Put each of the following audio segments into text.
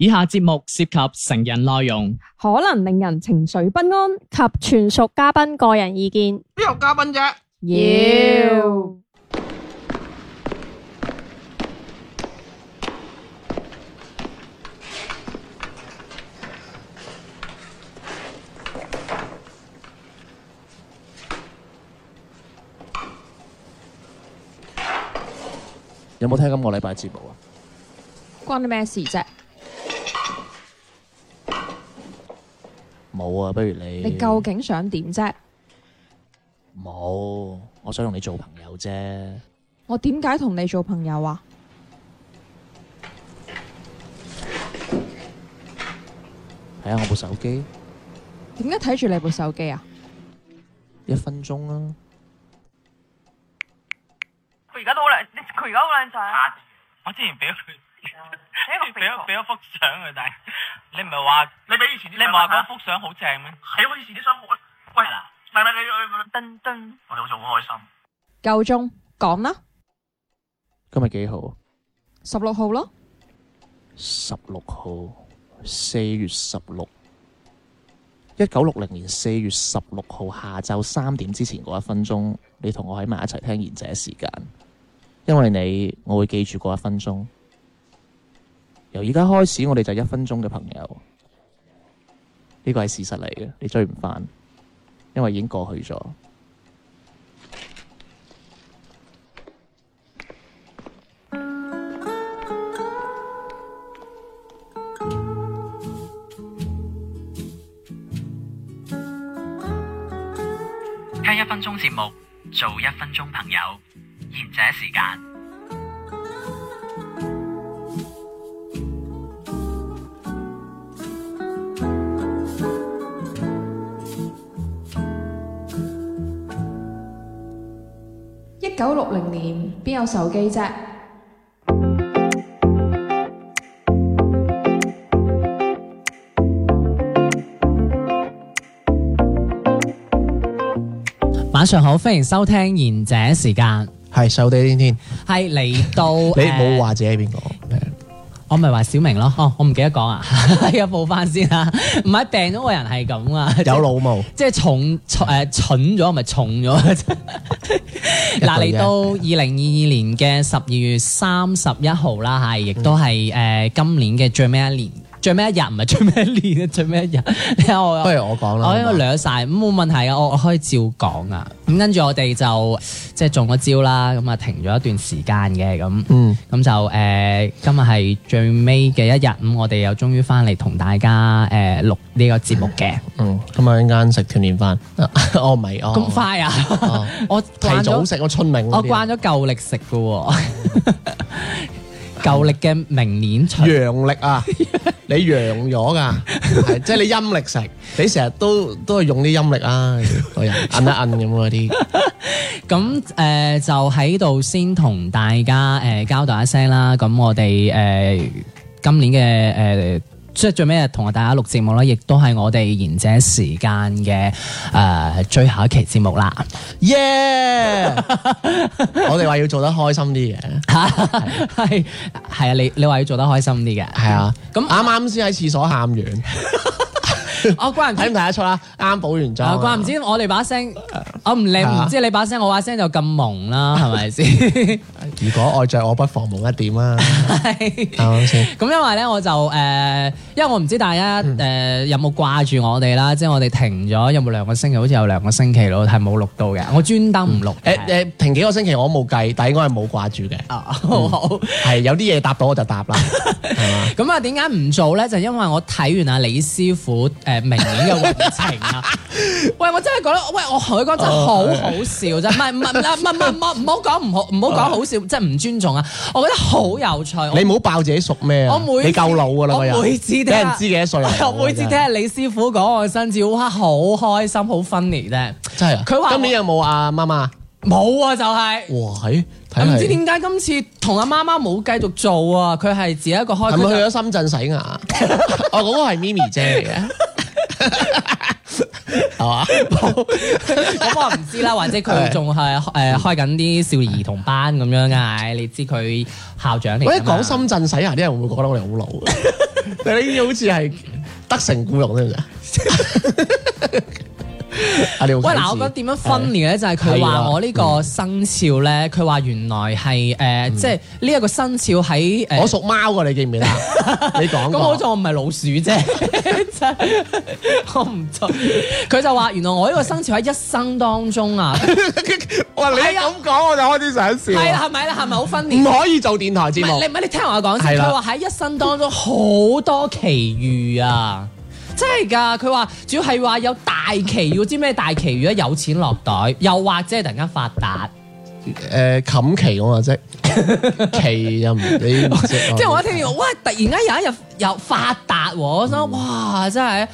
以下節目涉及成人內容，可能令人情緒不安及全屬嘉賓個人意見。邊有嘉賓啫？有冇聽今個禮拜節目啊？關你咩事啫？冇啊，不如你你究竟想點啫？冇，我想同你做朋友啫。我點解同你做朋友啊？睇下我部手機。點解睇住你部手機啊？一分鐘啊！佢而家都好靚，佢而家好靚仔。我之前俾佢。俾咗俾咗幅相佢。但係你唔係話你俾以前啲，你唔係話嗰幅相好正咩？係我以前啲生活。喂 嗱樂，咪咪你我我噔噔，我哋好似，好開心。夠鐘講啦。今日幾號？十六號咯。十六號，四月十六，一九六零年四月十六號下晝三點之前嗰一分鐘，你同我喺埋一齊聽賢者時間，因為你我會記住嗰一分鐘。由而家開始，我哋就係一分鐘嘅朋友，呢個係事實嚟嘅，你追唔翻，因為已經過去咗。聽一分鐘節目，做一分鐘朋友，賢者時間。九六零年邊有手機啫？晚上好，歡迎收聽賢者時間。係，收地天天，係嚟到， 你冇話自己邊個？我咪話小明咯，哦，我唔記得講啊，係 啊，報翻先啦。唔係病咗個人係咁啊，有老毛， 即係重，誒、呃，蠢咗咪重咗。嗱， 嚟到二零二二年嘅十二月三十一號啦，係，亦都係誒今年嘅最尾一年。最尾一日唔係最尾一年，最尾一日，我不如我講啦。我已經掠晒，咁冇吧問題啊！我可以照講啊。咁跟住我哋就即係、就是、中咗招啦。咁啊停咗一段時間嘅，咁，咁、嗯、就誒、呃、今日係最尾嘅一日。咁我哋又終於翻嚟同大家誒錄呢個節目嘅。嗯，今日一陣間食團年飯。我唔係，我咁快啊？我提早食我春明，我慣咗夠力食噶喎。 舊曆嘅明年出，陽曆啊， 你陽咗噶，係即係你陰曆食，你成日都都係用啲陰曆啊，按 一按咁嗰啲，咁誒、 呃、就喺度先同大家誒、呃、交代一聲啦，咁我哋誒、呃、今年嘅誒。呃即係最尾同大家錄節目啦，亦都係我哋賢者時間嘅誒最後一期節目啦。耶！我哋話要做得開心啲嘅，係係 啊，啊 你你話要做得開心啲嘅，係 啊。咁啱啱先喺廁所喊完。 我個人睇唔睇得出啦，啱補完妝。哇，唔知我哋把聲，我唔理，唔知你把聲，我把聲就咁蒙啦，係咪先？如果愛着我不妨蒙一點啊，啱先？咁因為咧，我就誒，因為我唔知大家誒有冇掛住我哋啦，即係我哋停咗有冇兩個星期，好似有兩個星期咯，係冇錄到嘅，我專登唔錄。誒誒，停幾個星期我冇計，但應該係冇掛住嘅。啊，好係有啲嘢答到我就答啦，係嘛？咁啊，點解唔做咧？就因為我睇完阿李師傅。誒明年嘅運程啊！喂，我真係覺得，喂，我同佢講真好好笑啫，唔係唔唔唔唔唔唔好講唔好唔好講好笑，即係唔尊重啊！我覺得好有趣。你唔好爆自己熟咩？你夠老㗎啦！我每次，每次聽人知幾多歲啊？每次聽下李師傅講我嘅生肖，我好開心，好 funny 啫！真係啊！佢話今年有冇阿媽媽？冇啊，就係哇！唔知點解今次同阿媽媽冇繼續做啊？佢係自己一個開，係咪去咗深圳洗牙？我講係咪咪姐嚟嘅？係嘛？咁 我唔知啦，或者佢仲係誒開緊啲少兒童班咁樣噶，你知佢校長嚟。我一講深圳洗牙，啲人會唔會覺得我哋好老？你要好似係得成雇傭先喂嗱，我覺得點樣分裂咧，就係佢話我呢個生肖咧，佢話原來係誒，即係呢一個生肖喺誒，我屬貓噶，你記唔記得？你講咁好似我唔係老鼠啫，我唔錯。佢就話原來我呢個生肖喺一生當中啊，你咁講我就開始想笑。係啦，係咪啦，係咪好分裂？唔可以做電台節目。你唔係你聽我講，佢話喺一生當中好多奇遇啊。真係噶，佢話主要係話有大奇，要 知咩大旗如果有錢落袋，又或者係突然間發達？誒、呃，冚奇噶嘛？即奇又唔？你 即係我一聽見，哇！突然間有一日又發達、嗯，我想哇！真係，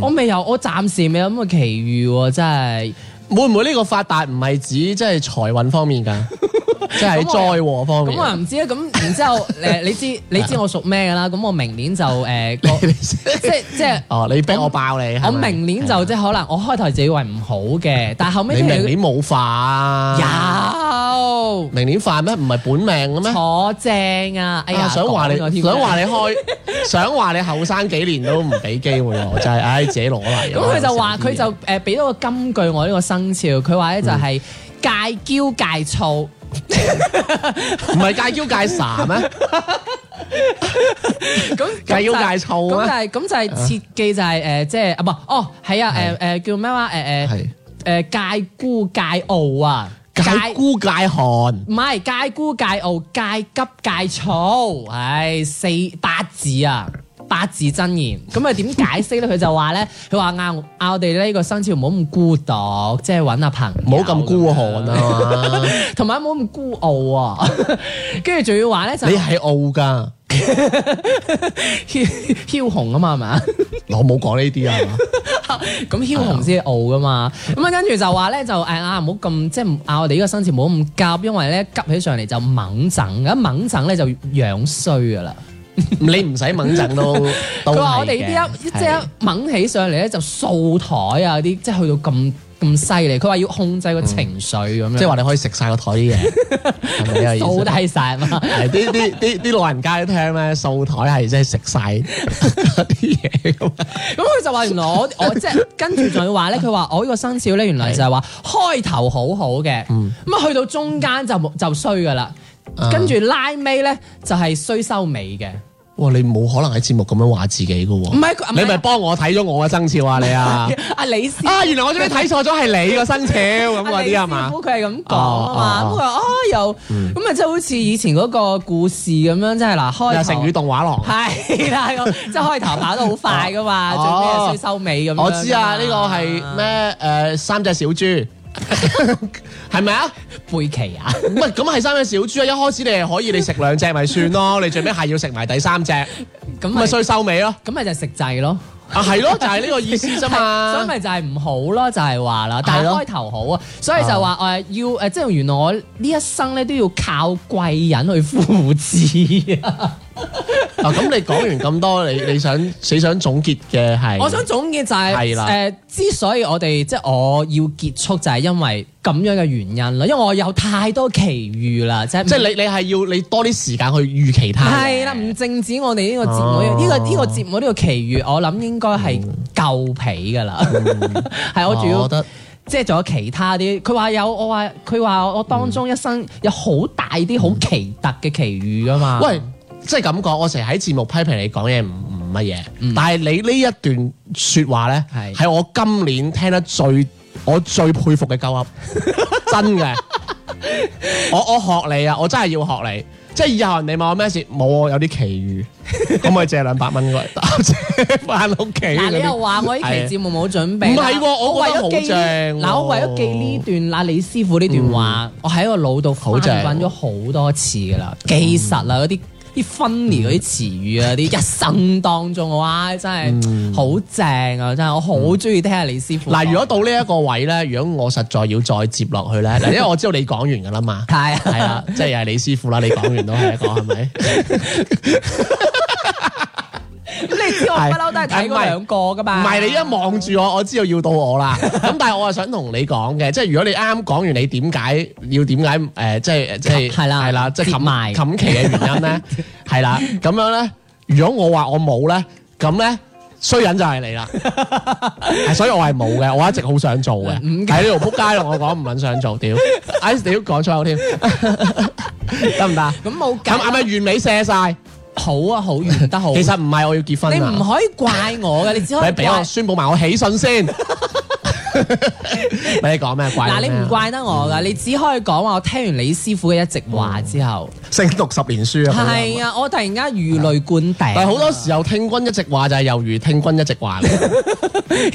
我未有，我暫時未有咁嘅奇遇，真係。嗯、會唔會呢個發達唔係指即係財運方面噶？ 即係災禍方面。咁我唔知咧，咁然之後，誒，你知你知我屬咩噶啦？咁我明年就誒，即係即係哦，你逼我爆你。我明年就即係可能我開頭就以為唔好嘅，但係後尾。你明年冇犯？有。明年犯咩？唔係本命嘅咩？坐正啊！哎呀，想話你，想話你開，想話你後生幾年都唔俾機會，就係唉自己攞嚟。咁佢就話佢就誒俾到個金句我呢個生肖，佢話咧就係戒驕戒躁。唔係戒驕戒躁咩？咁戒驕戒躁咩？咁就係咁就係設計就係誒，即係啊，唔哦係啊，誒誒叫咩話？誒誒誒戒孤戒傲啊，戒孤戒寒，唔係戒孤戒傲，戒急戒躁，唉四八字啊。八字真言咁啊？點解釋咧？佢就話咧，佢話嗌嗌我哋呢個生肖唔好咁孤獨，即係搵阿朋，唔好咁孤寒啊，同埋唔好咁孤傲啊。跟住仲要話咧就你係傲噶，梟梟雄啊嘛係咪啊？ 我冇講、 嗯、 呢啲啊，咁梟雄先係傲噶嘛。咁啊跟住就話咧就誒啊，唔好咁即係啊我哋呢個生肖唔好咁急，因為咧急起上嚟就猛整，一猛整咧就樣衰噶啦。你唔使掹陣都，佢 話樂我哋呢啲一即係掹起上嚟咧就掃台啊啲，即係去到咁咁犀利。佢話要控制個情緒咁、嗯、樣，即係話你可以食晒個台啲嘢，掃低晒。係啲啲啲啲老人家都聽咧，掃台係即係食晒啲嘢咁佢就話、 嗯、 原來我我即係、就是、跟住仲要話咧，佢話我呢個生肖咧，原來就係話的開頭好好嘅，咁啊去到中間就就衰噶啦。跟住拉尾咧，就係衰收尾嘅。哇！你冇可能喺節目咁樣話自己噶。唔係，你咪幫我睇咗我嘅生肖啊你啊。阿李 Sir 啊，原來我真係睇錯咗，係你個生肖咁嗰啲啊嘛。咁佢係咁講啊嘛。咁佢話啊又，咁啊即係好似以前嗰個故事咁樣，即係嗱開頭。成語動畫咯。係啦，係啦，即係開頭跑得好快噶嘛，最尾係衰收尾咁。我知啊，呢個係咩？誒，三隻小豬。係咪啊？貝奇啊？唔，咁係三隻小豬啊！一開始你係可以，你食兩隻咪算咯，你最尾係要食埋第三隻，咁咪衰收尾咯，咁咪就食滯咯，係咯，就係呢個意思啫嘛，所以咪就係唔好咯，就係話啦，但係開頭好啊，所以就話誒，要誒，即係原來我呢一生咧都要靠貴人去扶持。啊！咁、 哦、你講完咁多，你你想你想總結嘅係？我想總結就係、是，誒了、呃，之所以我哋即係我要結束，就係因為咁樣嘅原因啦。因為我有太多奇遇啦，即係即係你你係要你多啲時間去遇其他嘅。係啦，唔淨止我哋呢個節目，呢、啊這個呢、這個節目呢個奇遇，我諗應該係夠皮噶啦。係、嗯、 我主要，哦、得即係仲有其他啲。佢話有，我話佢話我當中一生有好大啲好奇特嘅奇遇噶嘛。喂！即係咁講，我成日喺節目批評你講嘢唔唔乜嘢，但係你呢一段説話咧，係是我今年聽得最我最佩服嘅鳩噏，真嘅。 我我學你啊，我真係要學你。即係以後人哋問我咩事，冇，我有啲奇遇，可唔 可以借兩百蚊我搭車翻屋企？嗱、 啊，你又話我呢期節目冇準備，唔係是、啊、我覺得好正。嗱、啊，我為咗記呢段，嗱，李師傅呢段話，嗯、我喺個腦度翻揾咗好多次㗎啦，嗯嗯、記實啦嗰啲。啲分離嗰啲詞語啊，啲、嗯、一生當中嘅話，真係好正啊！嗯、真係我好中意聽下李師傅。嗱，如果到呢一個位咧，如果我實在要再接落去咧，嗱， 因為我知道你講完噶啦嘛，係 啊，係啊，即係又係李師傅啦，你講完都係一個係咪？不嬲都係睇兩個㗎嘛，係，唔係你一望住我，我知道要到我啦。咁但係我係想同你講嘅，即係如果你啱啱講完，你點解要點解誒？即係即係係啦，係啦，即係冚埋冚期嘅原因咧。係啦，咁樣咧，如果我話我冇咧，咁咧衰人就係你啦。所以我係冇嘅，我一直好想做嘅。喺呢度扑街咯，我講唔撚想做，屌，哎，屌講錯添，得唔得？咁冇咁係咪完美射晒？好啊，好完得好。 其實唔係我要結婚，你唔可以怪我嘅，你只可以俾我, 我宣布埋我喜訊先。咪 你講咩？怪？嗱，你唔怪得我噶，嗯、你只可以講話我聽完李師傅嘅一席話之後。哦勝讀十年書啊！係啊！我突然間如雷灌頂。但係好多時候聽君一席話就係猶如聽君一席話。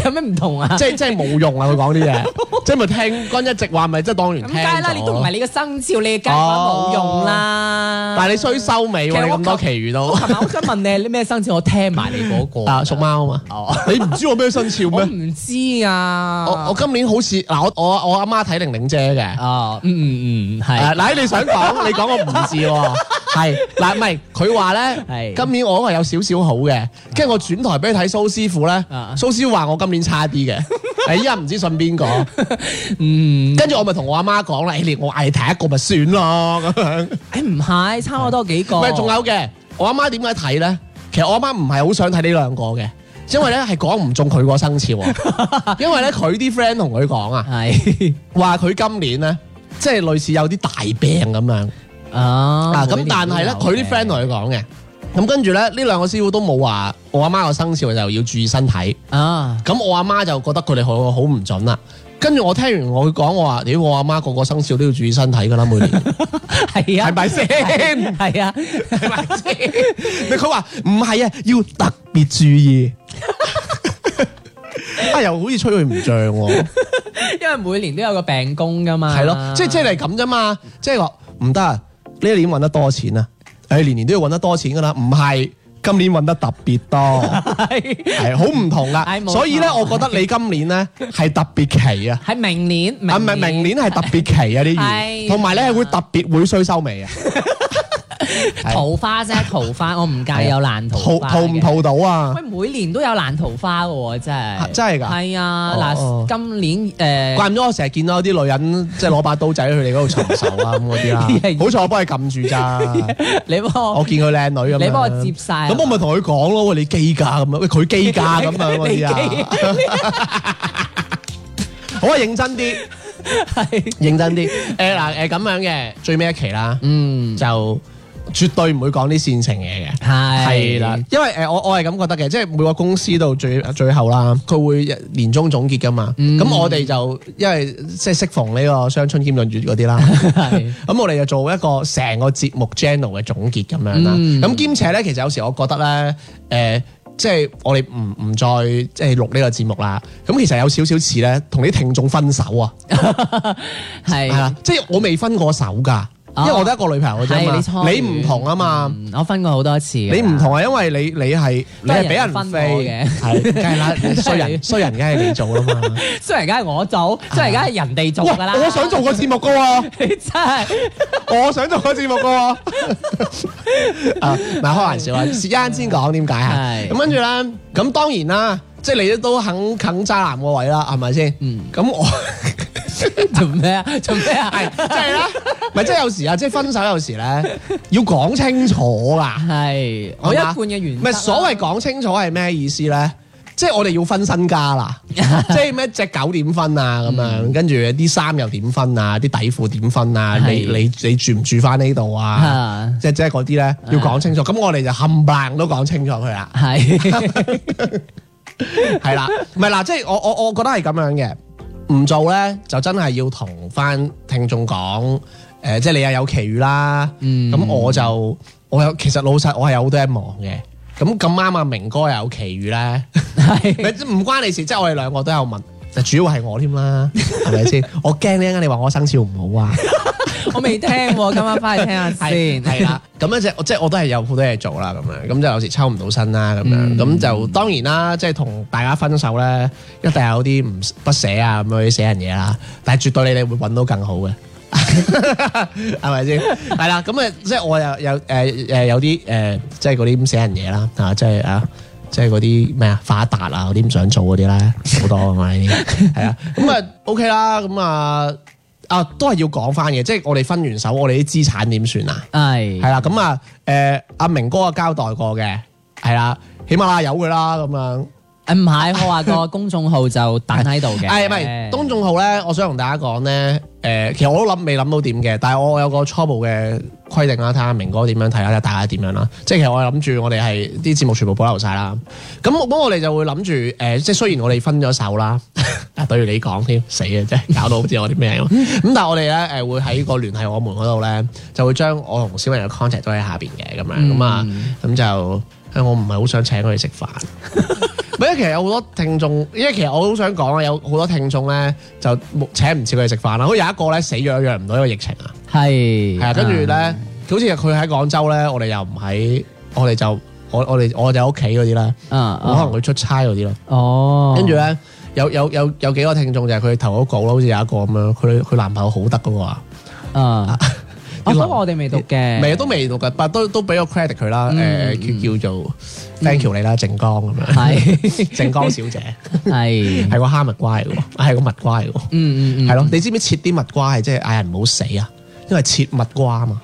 有咩唔同啊？即係即係冇用啊！佢講啲嘢，即係咪聽君一席話咪即係當完。咁梗係啦！你都唔係你嘅生肖，你嘅雞冇用啦。但係你衰收尾喎，咁多奇遇都。我想問你，你咩生肖？我聽埋你嗰個，屬貓啊嘛。你唔知我咩生肖咩？我唔知啊！我今年好似嗱，我我我阿媽睇玲玲姐嘅。哦，嗯嗯嗯，係。嗱，你想講你講，我唔知。係，嗱， 唔係佢話咧，呢是今年我係有少少好嘅，跟住、啊、我轉台俾佢睇蘇師傅咧，蘇、啊、師話我今年差啲嘅，依家唔知信邊個，嗯，跟住我咪同、欸、我阿媽講啦，哎，我嗌第一個咪算咯咁樣，哎、欸，唔係，差唔多幾個，唔仲有嘅，我阿媽點解睇咧？其實我阿媽唔係好想睇呢兩個嘅，因為咧係講唔中佢個生肖， 因為咧佢啲 friend 同佢講啊，係話佢今年咧，即係類似有啲大病咁樣。啊！啊咁，但係咧，佢啲 friend 同佢講嘅，咁跟住咧，呢兩個師傅都冇話我阿媽個生肖就要注意身體啊。咁、哦、我阿媽就覺得佢哋佢好唔準啦。跟住我聽完我佢講，我話：，屌我阿媽個個生肖都要注意身體噶啦，啊，每年係啊，係咪先？係啊，咪佢話唔係啊，要特別注意 啊，又好似吹佢唔脹喎，因為每年都有個病宮噶嘛。係咯，即係即係嚟咁啫嘛，即係話唔得。就是呢一年搵得多錢啊？誒、哎，年年都要搵得多錢噶啦，唔係今年搵得特別多，係好唔同噶。哎、所以咧，我覺得你今年咧係特別奇啊，喺 明年，唔係明年係、啊、特別奇啊啲魚，同埋你係會特別會衰收尾啊。 桃花啫，桃花，我唔介意有爛桃。桃桃唔桃到啊！喂，每年都有爛桃花噶喎，真係真係噶。係啊，嗱，今年誒，怪唔之我成日見到有啲女人即係攞把刀仔去你嗰度尋仇啊。咁嗰啲啦。好彩我幫佢撳住咋，你我見佢靚女咁，你幫我接晒。咁我咪同佢講咯，你機噶咁樣喂，佢機噶咁樣嗰啲啊，好啊，認真啲，係認真啲。誒嗱，誒咁樣嘅最尾一期啦，嗯，就。絕對唔會講啲煽情嘢嘅，係係啦，因為誒，我我係咁覺得嘅，即係每個公司到最最後啦，佢會年終總結噶嘛。咁、嗯、我哋就因為即係適逢呢個雙春兼閏月嗰啲啦，咁我哋就做一個成個節目 channel、no、嘅總結咁樣啦。咁兼且咧，其實有時我覺得咧，誒、就是，即係我哋唔唔再即係錄呢個節目啦。咁其實有少少似咧，同啲聽眾分手啊，係啦，即係我未分過手噶。因為我得一個女朋友嘅啫嘛，你唔同啊嘛，我分過好多次。你唔同啊，因為你你係都係俾人分飛嘅，係梗係啦，衰人衰人梗係你做啊嘛，衰人梗係我做，衰人梗係人哋做噶啦。我想做個節目噶喎，你真係我想做個節目喎。唔係開玩笑啊，陣間先講點解啊？咁跟住咧，咁當然啦，即係你都肯肯渣男個位啦，係咪先？咁我。做咩啊？做咩啊？係即係啦，唔係即係有時啊，即係分手有時咧要講清楚噶。係 我一半嘅原因唔係所謂講清楚係咩意思咧？即係我哋要分身家啦，即係咩隻狗點分啊？咁樣跟住啲衫又點分啊？啲底褲點分啊？ 是你你你住唔住翻呢度啊？即係即係嗰啲咧要講清楚。咁的我哋就冚唪唥都講清楚佢的 啦。係係啦，唔係嗱，即係我我我覺得係咁樣嘅。唔做咧，就真係要同翻聽眾講，誒、呃，即係你又有奇遇啦。咁、嗯、我就我有，其實老實我係有好多嘢忙嘅。咁咁啱啊，明哥又有奇遇咧，係唔的 關你事，即係我哋兩個都有問，就主要係我添啦，係咪先？ 我驚你一陣你話我生肖唔好啊。 我未聽，今晚翻嚟聽，聽下先。係啦，咁咧，即係即係我都係有好多嘢做啦，咁樣咁就有時抽唔到身啦，咁樣咁就當然啦，即係同大家分手咧，一定有啲唔不捨啊，咁去寫人嘢啦。但係絕對你哋會搵到更好嘅，係咪先？係啦，咁啊，即係我又有誒誒有啲誒，即係嗰啲咁寫人嘢啦，啊，即係啊，即係嗰啲咩啊，發達啊，嗰啲唔想做嗰啲啦，好多係咪？係啊， 咁啊 OK 啦，咁啊。啊，都係要講返嘅，即係我哋分完手，我哋啲資產點算啊？係、哎，係啦，咁、呃、啊，誒，阿明哥交代過嘅，係啦，起碼啦有嘅啦，咁樣。唔係、哎，我話個公眾號、哎、就彈喺度嘅。誒唔係，公眾號咧，我想同大家講咧，誒、呃，其實我都諗未諗到點嘅，但係我有個初步嘅。規定啦，睇下明哥點樣睇啦，睇下大家點樣啦。即係其實我係諗住我哋係啲節目全部保留晒啦。咁咁我哋就會諗住誒，即係雖然我哋分咗手啦，但 係對於你講添死嘅啫，搞到好似我啲咩咁。咁 但係我哋咧誒會喺個聯繫我們嗰度咧，就會將我同小明嘅 contact 都喺下邊嘅咁樣咁啊。咁、嗯、就、呃、我唔係好想請佢哋食飯。唔係，其實有好多聽眾，因為其實我好想講，有好多聽眾咧就請唔切佢哋食飯啦。好似有一個咧死約約唔到，因為疫情啊。係係啊，跟住咧，好似佢喺廣州咧，我哋又唔喺，我哋就我我哋我哋屋企嗰啲啦，可能佢出差嗰啲咯，哦，跟住咧有有有有幾個聽眾就係佢投稿咯，好似有一個咁樣，佢佢男朋友好得噶喎，啊，不過我哋未讀嘅，未都未讀嘅，但都都俾個 credit 佢啦，誒，叫做 thank you 你啦，靜岡咁樣，係靜岡小姐，係係個哈密瓜嚟，係個蜜瓜嚟，嗯嗯嗯，係咯，你知唔知切啲蜜瓜係即係嗌人唔好死啊？因為切蜜瓜嘛。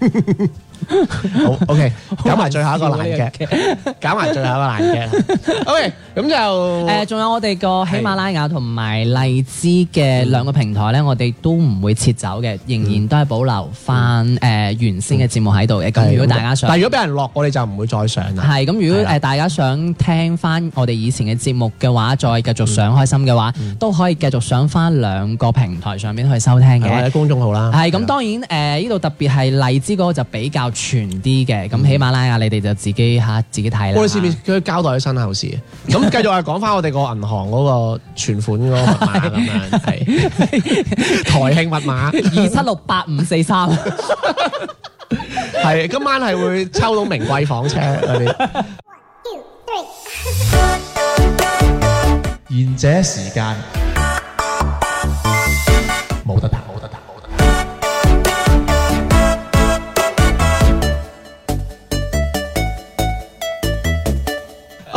好 OK，搞埋最後一個難嘅，搞埋最後一個難嘅。OK，咁就誒，仲有我哋個喜馬拉雅同埋荔枝嘅兩個平台咧，我哋都唔會撤走嘅，仍然都係保留翻誒原先嘅節目喺度嘅。咁如果大家想，但如果俾人落，我哋就唔會再上啦。係咁，如果誒大家想聽翻我哋以前嘅節目嘅話，再繼續上開心嘅話，都可以繼續上翻兩個平台上面去收聽嘅。或者公眾號啦。係咁，當然誒，呢度特別係荔枝嗰個就比較。全啲嘅，咁喜馬拉雅你哋就自己嚇、啊、自己睇啦。我哋係交代啲身後事。咁繼續係講翻我哋個銀行嗰個存款嗰個密碼咁樣， 台慶密碼 二七六八五四三， 係今晚係會抽到名貴房車啲。賢者 時間。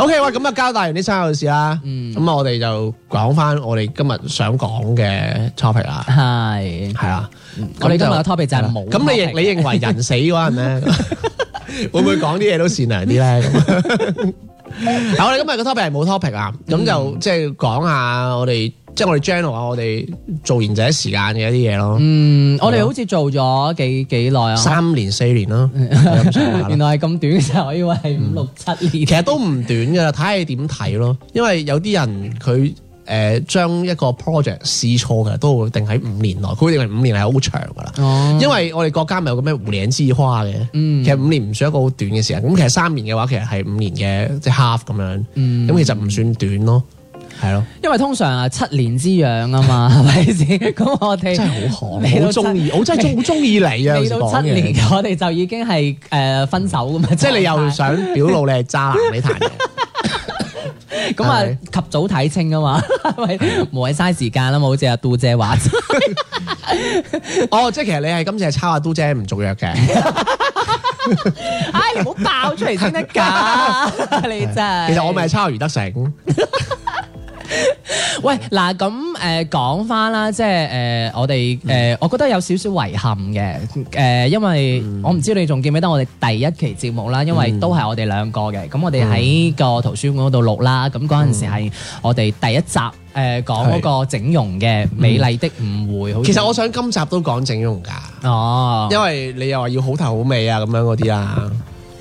OK，喂，咁啊，交代完啲身後事啦。咁啊，我哋就講返我哋今日想講嘅 topic 啦。係，係啊。我哋今日嘅 topic 就係冇。咁你認你認為人死嗰陣咧，會唔會講啲嘢都善良啲咧？咁我哋今日嘅 topic 係冇 topic 啊。咁就即係講下我哋。即係我哋 general 啊，我哋做完仔時間嘅一啲嘢咯。嗯，吧我哋好似做咗幾幾耐啊？我三年四年咯， 原來係咁短，嘅時候，我以為係五六七年。其實都唔短噶，睇你點睇咯。因為有啲人佢誒將一個 project 試錯嘅都會定喺五年內，佢認為五年係好長噶啦。因為我哋國家咪有個咩胡餅之花嘅，其實五年唔算一個好短嘅時間。咁其實三年嘅話，其實係五年嘅即係 half 咁樣。咁其實唔算短咯。係咯，因為通常啊七年之癢啊嘛，係咪先？咁我哋真係好可，好中意，我真係好中意你啊！未到七年，七年我哋就已經係誒分手㗎嘛。即係你又想表露你係渣男，你談咁啊？及早睇清啊嘛，唔係嘥時間啦！好似阿杜姐話， 哦，即係其實你係今次係抄阿杜姐唔續約嘅，唉、 哎，唔好爆出嚟先得噶，你真係。其實我咪係抄阿余德成。喂，嗱咁誒，講翻啦，即係誒、呃，我哋誒、嗯呃，我覺得有少少遺憾嘅，誒、呃，因為我唔知你仲記唔記得我哋第一期節目啦，因為都係我哋兩個嘅，咁、嗯、我哋喺個圖書館嗰度錄啦，咁嗰陣時係我哋第一集誒，講、呃、嗰個整容嘅、嗯、美麗的誤會，其實我想今集都講整容噶，哦，因為你又話要好頭好尾啊，咁樣嗰啲啦，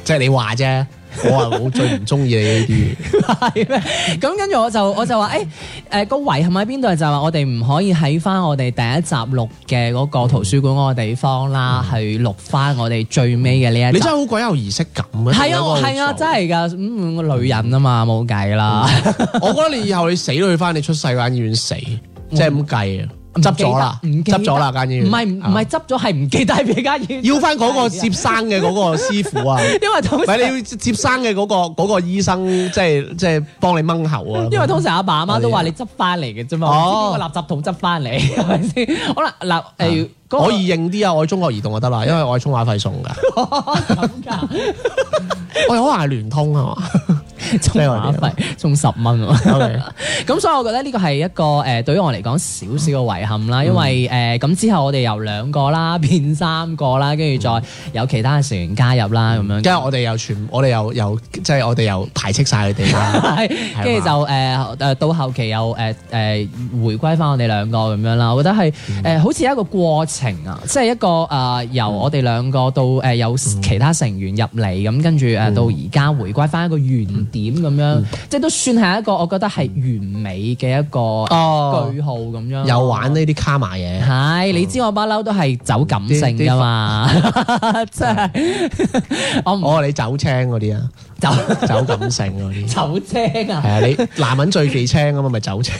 即、就、係、是、你話啫。我話我最唔中意你呢啲，係咩 ？咁跟住我就我就話誒誒個遺憾喺邊度？就係、是、話我哋唔可以喺翻我哋第一集錄嘅嗰個圖書館嗰個地方啦，嗯、去錄翻我哋最尾嘅呢一集。你真係好鬼有儀式感嘅、啊，係 啊係啊，真係噶，嗯個、呃、女人啊嘛，冇計啦。 我覺得你以後你死都去翻你出世嗰間醫院死，即係咁計啊。嗯執咗啦，唔執咗啦間醫院，唔係唔係執咗，係唔記得俾間醫院，要翻嗰個接生嘅嗰個師傅啊，因為通常唔係你要接生嘅嗰個嗰個醫生，即係即係幫你掹喉啊，因為通常阿爸阿媽都話你執翻嚟嘅啫嘛，喺個垃圾桶執翻嚟係咪先？好啦，嗱，誒，可以認啲啊，我中國移動就得啦，因為我係充話費送噶， 我可能係聯通啊嘛。 充話費，充十蚊喎，咁所以我覺得呢個係一個誒，對於我嚟講少少嘅遺憾啦。嗯、因為誒，咁、呃、之後我哋由兩個啦變三個啦，跟住再有其他嘅成員加入啦，咁、嗯、樣。跟住我哋又全，我哋又又即係我哋又排斥晒佢哋啦。跟住 是吧就誒誒、呃，到後期又誒誒、呃呃、回歸翻我哋兩個咁樣啦。我覺得係誒，嗯嗯、好似一個過程啊，即、就、係、是、一個誒、呃，由我哋兩個到誒、呃、有其他成員入嚟，咁跟住誒到而家回歸翻一個圓、嗯。原來 點咁樣，嗯、即係都算係一個，我覺得係完美嘅一個、哦、句號咁樣。有玩呢啲卡埋嘢，係、嗯、你知我不嬲都係走感性㗎嘛，即係我唔我、哦、你走青嗰啲啊。走感性嗰、啊、啲，走青啊！係啊，你男人最忌青咁啊，咪走 青，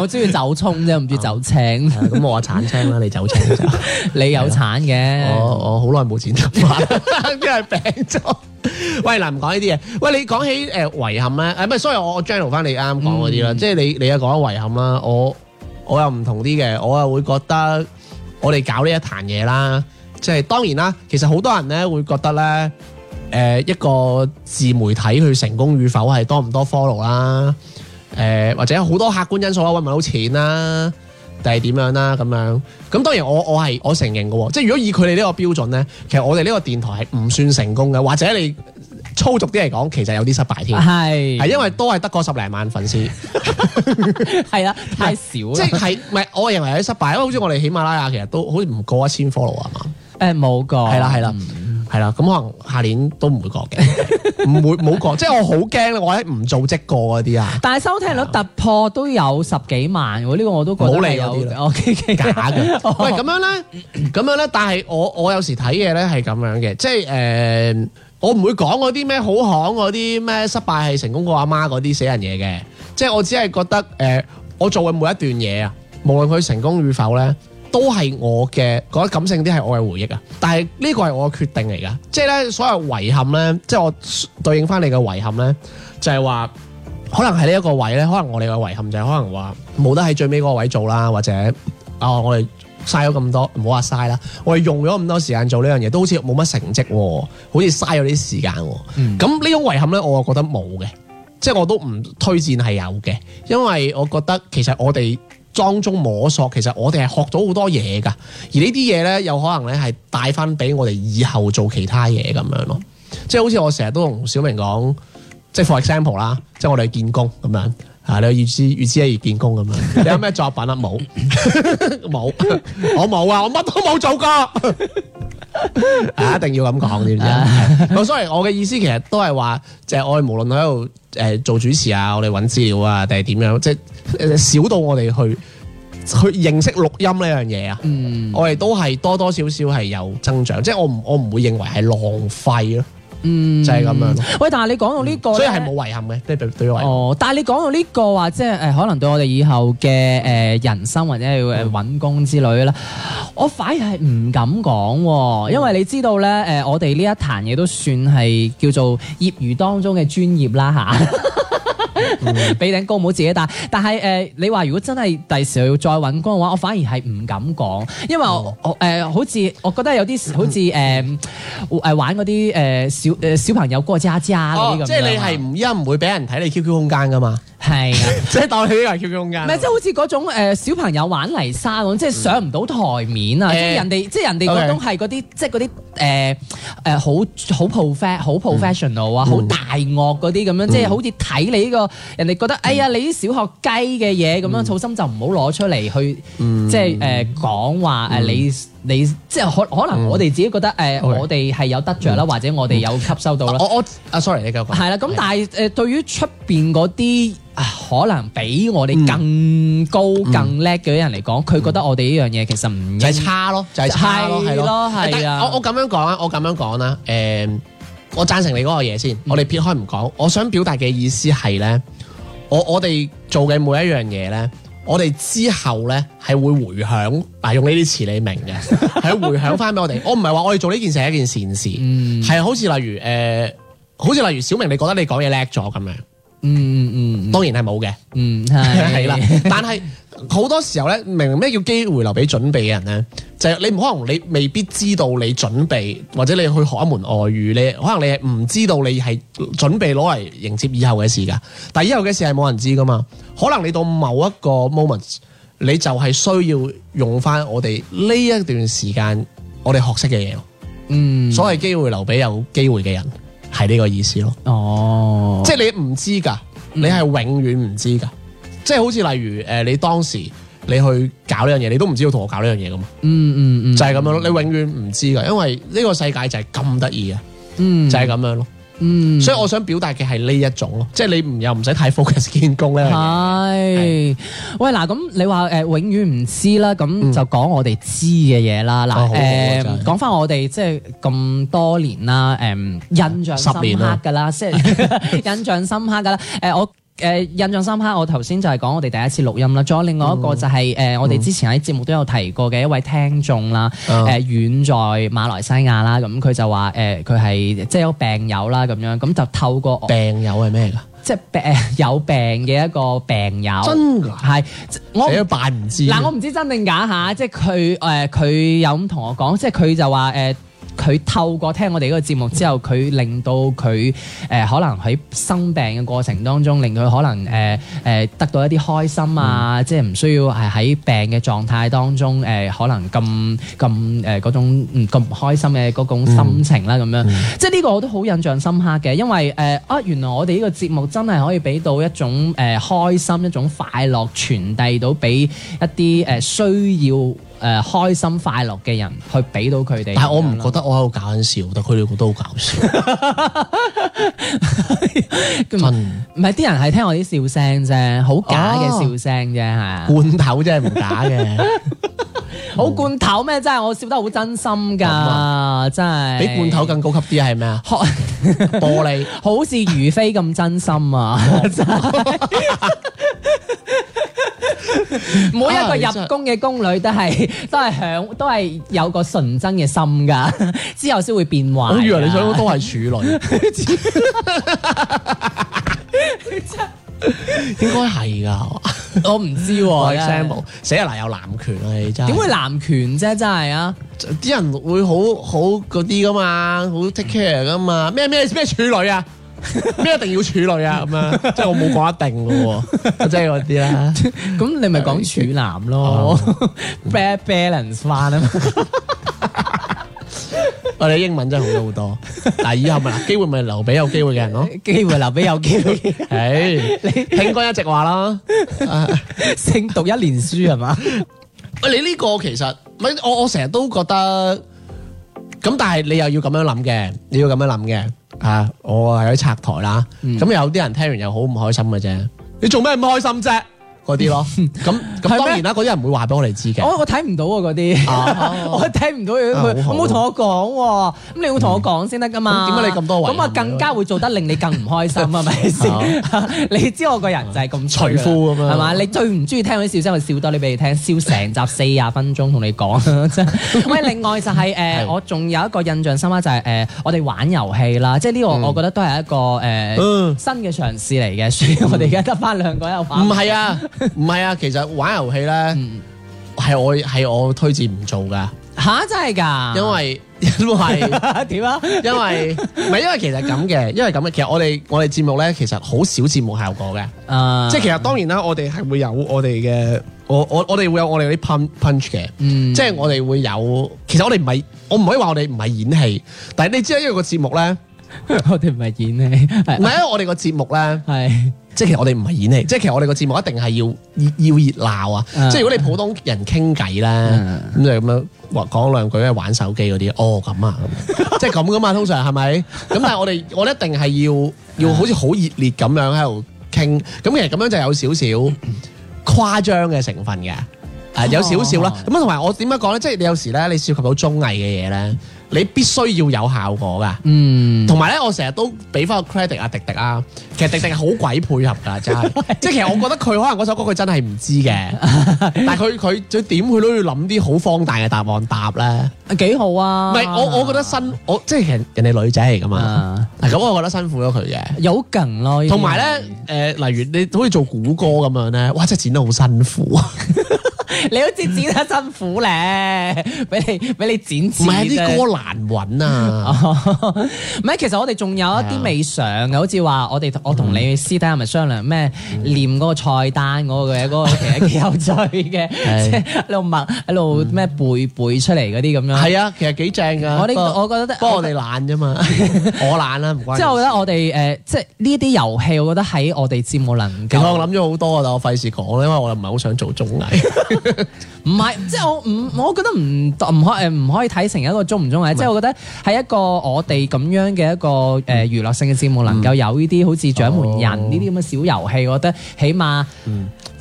我中意走蔥啫，唔中意走青。咁我話鏟青啦，你走青你有鏟嘅、啊。我我好耐冇剪頭髮啦， 因為病咗。喂，嗱，唔講呢啲嘢。喂，你講起誒遺、呃、憾咧，誒唔係，所以我我 general 翻你啱講嗰啲啦，即係你你又講遺憾啦，我、嗯、我又唔同啲嘅，我又會覺得我哋搞呢一壇嘢啦，即係當然啦，其實好多人咧會覺得咧。誒一個自媒體佢成功與否係多唔多 follow 啦、呃，誒或者好多客觀因素啊，揾唔到錢啦，定係點樣啦咁樣？咁當然我我係我承認嘅喎，即係如果以佢哋呢個標準咧，其實我哋呢個電台係唔算成功嘅，或者你粗俗啲嚟講，其實有啲失敗添，係係因為都係得個十零萬粉絲，係啊，太少，即係唔係我認為係失敗，因為好似我哋喜馬拉雅其實都好似唔過一千 follow 啊嘛、呃，誒冇過，係啦係啦。係啦，咁可能下年都唔會過嘅，唔 會冇過，即係我好驚咧，我喺唔做即過嗰啲啊。但係收聽率突破都有十幾萬，呢、嗯、個我都覺得冇理由，O K K 假嘅的。哦、喂，咁樣咧，咁樣咧，但係我我有時睇嘢咧係咁樣嘅，即係誒、呃，我唔會講嗰啲咩好行，嗰啲咩失敗係成功過阿媽嗰啲死人嘢嘅，即係我只係覺得誒、呃，我做嘅每一段嘢啊，無論佢成功與否咧。都係我嘅，覺得感性啲係我嘅回憶啊！但係呢個係我嘅決定嚟噶，即係咧所謂遺憾咧，即係我對應翻你嘅遺憾咧，就係話可能係呢一個位咧，可能我哋嘅遺憾就係，可能話冇得喺最尾嗰個位做啦，或者啊，我哋嘥咗咁多，唔好話嘥啦，我哋用咗咁多時間做呢樣嘢，都好似冇乜成績，好似嘥咗啲時間。嗯。咁呢種遺憾咧，我係覺得冇嘅，即係我都唔推薦係有嘅，因為我覺得其實我哋。當中摸索，其實我哋係學咗好多嘢噶，而呢啲嘢咧有可能咧係帶翻俾我哋以後做其他嘢咁樣咯。即係好似我成日都同小明講，即係 For example 啦，即係我哋去見工咁樣嚇，你預知預知係見工咁樣，你有咩作品啊？冇冇， 我冇啊，我乜都冇做㗎。 一定要咁講嘅，知唔知，咁 sorry 我嘅意思其實都係話，即係我哋無論喺度誒做主持啊，我哋揾資料啊，定係點樣，即係少到我哋去去認識錄音呢樣嘢啊。嗯，我哋都係多多少少係有增長，即係我唔我唔會認為係浪費咯。嗯，就係咁樣。喂，但係你講到個呢個、嗯，所以係冇遺憾嘅，即係對我。對對對哦，但係你講到呢、呢個話，即係誒，可能對我哋以後嘅誒人生或者係誒揾工之類咧，嗯、我反而係唔敢講，因為你知道咧，誒、嗯呃，我哋呢一壇嘢都算係叫做業餘當中嘅專業啦，嚇、啊。 俾 頂高帽自己戴，但但係誒，你話如果真係第時要再揾工嘅話，我反而係唔敢講，因為我誒、哦呃，好似我覺得有啲好似誒誒玩嗰啲誒小誒、呃、小朋友過渣渣、嗯哦、即係你係一唔會俾人睇你 QQ 空間噶嘛？係即係當你呢個 QQ 空間。唔係即係好似嗰種誒小朋友玩泥沙咁，即係上唔到台面啊！即係人哋即係人哋嗰種係嗰啲即係嗰啲誒誒好好 prof、嗯、professional 啊，好大惡嗰啲咁樣，嗯嗯、即係好似睇你呢個。嗯嗯嗯人哋覺得，哎呀，你啲小學雞嘅嘢咁樣，操心就唔好攞出嚟去，即係誒講話誒你你，即係可可能我哋自己覺得誒，我哋係有得着啦，或者我哋有吸收到啦。我我啊，sorry，你繼續講。係啦，咁但係誒，對於出邊嗰啲可能比我哋更高更叻嘅人嚟講，佢覺得我哋呢樣嘢其實唔係差咯，就係差咯，係咯，係啊。我我咁樣講啊，我咁樣講啦，誒。我贊成你嗰個嘢先，我哋撇開唔講。我想表達嘅意思係咧，我我哋做嘅每一樣嘢咧，我哋之後咧係會回響。嗱，用呢啲詞你明嘅，係回響翻俾我哋。我唔係話我哋做呢件事係一件善事，係好似例如誒、呃，好似例如小明，你覺得你講嘢叻咗咁樣？嗯嗯，當然係冇嘅。嗯，係係啦，但係。好多時候咧，明明咩叫機會留俾準備嘅人咧，就係你唔可能，你未必知道你準備或者你去學一門外語咧，你可能你係唔知道你係準備攞嚟迎接以後嘅事噶。但係以後嘅事係冇人知噶嘛，可能你到某一個 moment，你就係需要用翻我哋呢一段時間，我哋學識嘅嘢咯。嗯，所謂機會留俾有機會嘅人，係呢個意思咯。哦，即係你唔知噶，你係永遠唔知噶。即係好似例如誒，你當時你去搞呢樣嘢，你都唔知道同我搞呢樣嘢噶嘛？嗯嗯嗯，就係咁樣咯。你永遠唔知噶，因為呢個世界就係咁得意啊。嗯，就係咁樣咯。嗯，所以我想表達嘅係呢一種咯，即係你唔又唔使太 focus 見功咧。係是喂，嗱咁你話誒、呃，永遠唔知，知、嗯、啦。咁就講我哋知嘅嘢啦。嗱，誒，講翻我哋即係咁多年啦，誒、呃，印象深刻噶啦，即係年 印象深刻噶啦。誒、呃，我。誒，印象深刻。我頭先就係講我哋第一次錄音啦。仲有另外一個就係、是、誒、嗯呃，我哋之前喺節目都有提過嘅一位聽眾啦。誒、嗯呃，遠在馬來西亞啦，咁、呃、佢就話誒，佢、呃、係即係有病友啦咁樣，咁就透過病友係咩噶？即係病、呃、有病嘅一個病友。真噶的？係我都扮唔知嗱，我唔知、呃、知真定假吓。即係佢誒，佢有咁同我講，即係佢、呃呃、就話誒。呃佢透過聽我哋呢個節目之後，佢令到佢誒、呃、可能喺生病嘅過程當中，令佢可能誒誒、呃呃、得到一啲開心啊，嗯、即係唔需要係喺病嘅狀態當中誒、呃，可能咁咁誒嗰種唔咁開心嘅嗰種心情啦咁、嗯、樣。嗯、即係呢個我都好印象深刻嘅，因為誒啊、呃、原來我哋呢個節目真係可以俾到一種誒、呃、開心、一種快樂傳遞到俾一啲誒、呃、需要誒、呃、開心快樂嘅人去俾到佢哋。但，但我唔覺得。我喺度搞緊笑，但佢哋覺得好搞笑。唔唔係啲人係聽我啲笑聲啫，好假嘅笑聲啫係。罐頭真係唔假嘅， 好罐頭咩？真係我笑得好真心噶，嗯、真係的。比罐頭更高級啲係咩啊？ 玻璃，好似如飛咁真心啊！ 每一個入宮嘅宮女都係都係響都係有個純真嘅心噶，之後先會變壞。我以為你想都係處女，應該係噶，我唔知、啊。 我聲、就、冇、是，死嚟有男權啊，你真點會男權啫、啊？真係啊，啲人會好好嗰啲噶嘛，好 take care 噶嘛，咩咩咩處女啊？咩一定要處女啊？咁樣，即係我冇講一定嘅，即係嗰啲啦。咁 你咪講處男咯 ，bad balance 翻啊嘛！我 哋、 啊、英文真係好咗好多，多。嗱，以後咪啦，機會咪留俾有機會嘅人咯。機 會留俾有機會。你聽君一直話啦，升、啊、讀一年書係嘛？喂， 你呢個其實，係我我成日都覺得咁，但係你又要咁樣諗嘅，你要咁樣諗嘅。嚇！我係喺拆台啦，咁、嗯、有啲人聽完又好唔開心㗎啫。你做咩唔開心啫？嗰啲咯，咁咁當然啦，嗰啲人唔會話俾我哋知嘅。我我睇唔到啊嗰啲，我睇唔到佢，我冇同我講，咁你要同我講先得噶嘛？點解你咁多？咁我更加會做得令你更唔開心啊？咪先，你知我個人就係咁隨呼咁啊？係嘛？你最唔中意聽嗰啲笑聲，我笑多你俾你聽，笑成集四十分鐘同你講，咁喂，另外就係誒，我仲有一個印象深刻，就係誒，我哋玩遊戲啦，即係呢個我覺得都係一個誒新嘅嘗試嚟嘅，所以我哋而家得翻兩個喺度唔係啊！唔係啊，其實玩遊戲咧，係、嗯、我係我推薦唔做噶吓、啊，真係噶，因為 因為點啊，因為唔係因為其實咁嘅，因為咁嘅，其實我哋我哋節目咧，其實好少節目效果嘅，嗯、即係其實當然啦，我哋係會有我哋嘅，我我我哋會有我哋啲 punch 嘅，嗯、即係我哋會有，其實我哋唔係，我唔可以話我哋唔係演戲，但係你知啊， 因為個節目咧，我哋唔係演戲，唔係啊，我哋個節目咧係。即係其實我哋唔係演戲，即係其實我哋個節目一定係要要熱鬧啊！嗯、即係如果你普通人傾偈咧，咁、嗯、就咁樣話講兩句咧玩手機嗰啲，哦咁啊，即係咁噶嘛，通常係咪？咁但係我哋我一定係要要好似好熱烈咁樣喺度傾，咁其實咁樣就有少少誇張嘅成分嘅，誒有少少啦。咁同埋我點樣講咧？即係你有時咧你涉及到綜藝嘅嘢咧。你必須要有效果噶，嗯，同埋咧，我成日都俾翻個 credit 阿迪迪啊，其實迪迪係好鬼配合噶，真係，喂即係其實我覺得佢可能嗰首歌佢真係唔知嘅， 但係佢佢點佢都要諗啲好荒誕嘅答案答咧，幾好啊！唔係我我覺得辛，我即係人人哋女仔嚟噶嘛，咁、啊、我覺得辛苦咗佢嘅，有勁咯，同埋咧誒，例如你好似做古歌咁樣咧，哇！真係剪得好辛苦。 你好似剪得辛苦咧，俾你俾你剪，唔係啲歌難揾啊！唔係，其實我哋仲有一啲未上嘅，好似話我哋我同你私底下係咪商量咩念嗰個菜單嗰個嘢，嗰個其實幾有趣嘅，即係喺度默喺度咩背背出嚟嗰啲咁樣。係啊，其實幾正㗎。我 我覺得不過我哋懶啫嘛， 我懶啦。唔關事。即係我覺得我哋誒即係呢啲遊戲，我覺得喺我哋節目能夠其實我諗咗好多，但我費事講，因為我又唔係好想做綜藝。 唔係，即係我唔，我覺得唔唔可，誒，唔可以睇成一個中唔中立，即係我覺得係一個我哋咁樣嘅一個誒娛樂性嘅節目，能夠有呢啲好似獎門人呢啲咁嘅小遊戲，我覺得起碼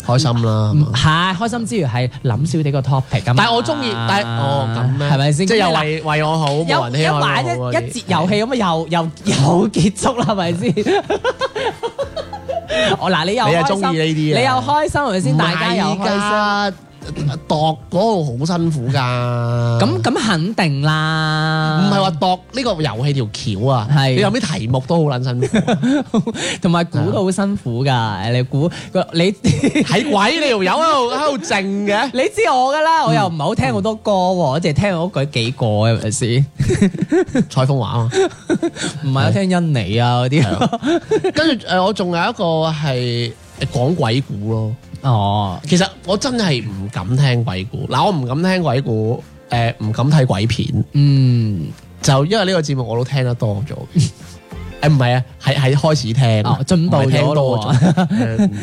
開心啦，係開心之餘係諗少啲個 topic 咁。但係我中意，但係哦，咁係咪先？即係又為為我好，一玩一一節遊戲咁啊，又又又結束啦，係咪先？我嗱，你又你又中意呢啲，你又開心係咪先？大家又開心。度嗰度好辛苦噶，咁咁肯定啦，唔係話度呢個遊戲條橋啊，你有咩題目都好難辛苦，同埋估都好辛苦噶，你估你喺鬼條友喺度喺度靜嘅，你知我噶啦，我又唔係好聽好多歌，嗯、我淨係聽我鬼幾個係咪先？採風話嘛，唔係我聽恩妮啊嗰啲，跟住誒我仲有一個係講鬼故咯。哦，其實我真係唔敢聽鬼故，嗱我唔敢聽鬼故，誒、呃、唔敢睇鬼片，嗯，就因為呢個節目我都聽得多咗，誒唔係啊，係係開始聽，進步咗，咯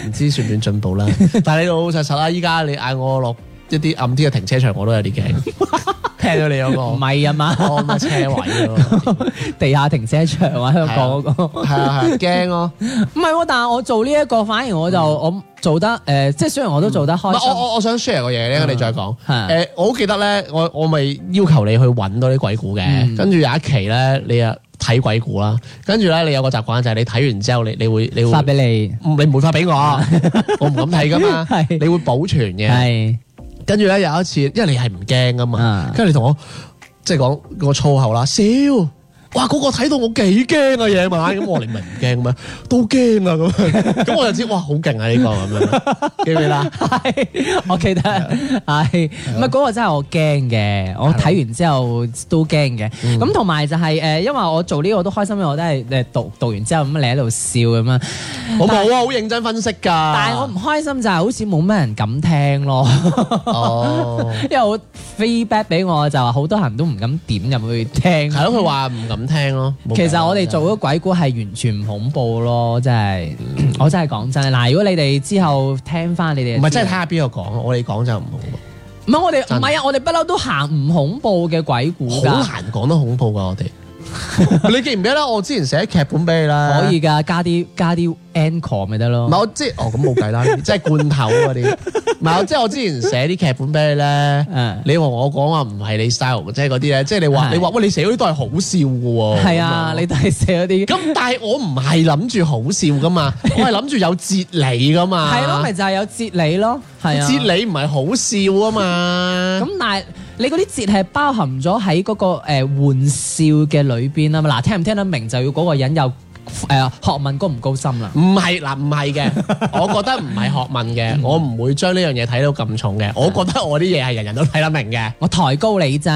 唔知算唔算進步啦， 但係你老老實實啦，依家你嗌我落。一啲暗啲嘅停車場，我都有啲驚，聽到你有個唔係啊嘛，車位地下停車場啊，香港嗰個係啊係驚咯，唔係喎，但係我做呢一個，反而我就我做得誒，即係雖然我都做得開。我我想 share 個嘢咧，你再講係誒，我好記得咧，我我咪要求你去揾多啲鬼故嘅，跟住有一期咧，你又睇鬼故啦，跟住咧你有個習慣就係你睇完之後，你你會你發俾你，你唔會發俾我，我唔敢睇噶嘛，你會保存嘅。跟住咧，有一次，因為你係唔驚啊嘛，uh. 跟住你同我即係講個粗口啦，笑。哇！嗰個睇到我幾驚啊，夜晚咁，我哋唔係唔驚咩？都驚啊咁。咁我就知哇，好勁啊呢個咁樣，記唔記得？係，我記得係。唔係嗰個真係我驚嘅，我睇完之後都驚嘅。咁同埋就係誒，因為我做呢個都開心嘅，我都係誒讀讀完之後咁，你喺度笑咁樣。我冇啊，好認真分析㗎。但係我唔開心就係好似冇咩人敢聽咯。哦，因為我 feedback 俾我就話好多人都唔敢點入去聽。係咯，佢話唔敢。咁聽咯，其實我哋做咗鬼故係完全唔恐怖咯，真係，嗯，我真係講真啦。嗱，如果你哋之後聽翻你哋，唔係真係睇下邊個講，我哋講就唔恐怖。唔係我哋唔係啊，我哋的不嬲都行唔恐怖嘅鬼故，好難講得恐怖噶。我哋 你記唔記得我之前寫劇本俾你啦？可以噶，加啲加啲。a nanchor 咪得咯，唔係我即係哦咁冇計啦，即係、哦、 罐頭嗰啲，唔係即係我之前寫啲劇本俾你咧，你同我講話唔係你 style 嘅，即係嗰啲咧，即係的你話你話喂你寫嗰啲都係好笑嘅喎，係啊，你都係寫嗰啲，咁但係我唔係諗住好笑噶嘛，我係諗住有哲理噶嘛，係咯， 咪就係、是、有哲理咯，係啊，哲理唔係好笑啊嘛，咁 但係你嗰啲哲係包含咗喺嗰個誒玩笑嘅裏邊啊嘛，嗱聽唔聽得明就要嗰個人有。誒，學問高唔高深啦？唔係嗱，唔係嘅，我覺得唔係學問嘅， 我唔會將呢樣嘢睇到咁重嘅。我覺得我啲嘢係人人都睇得明嘅。我抬高你咋，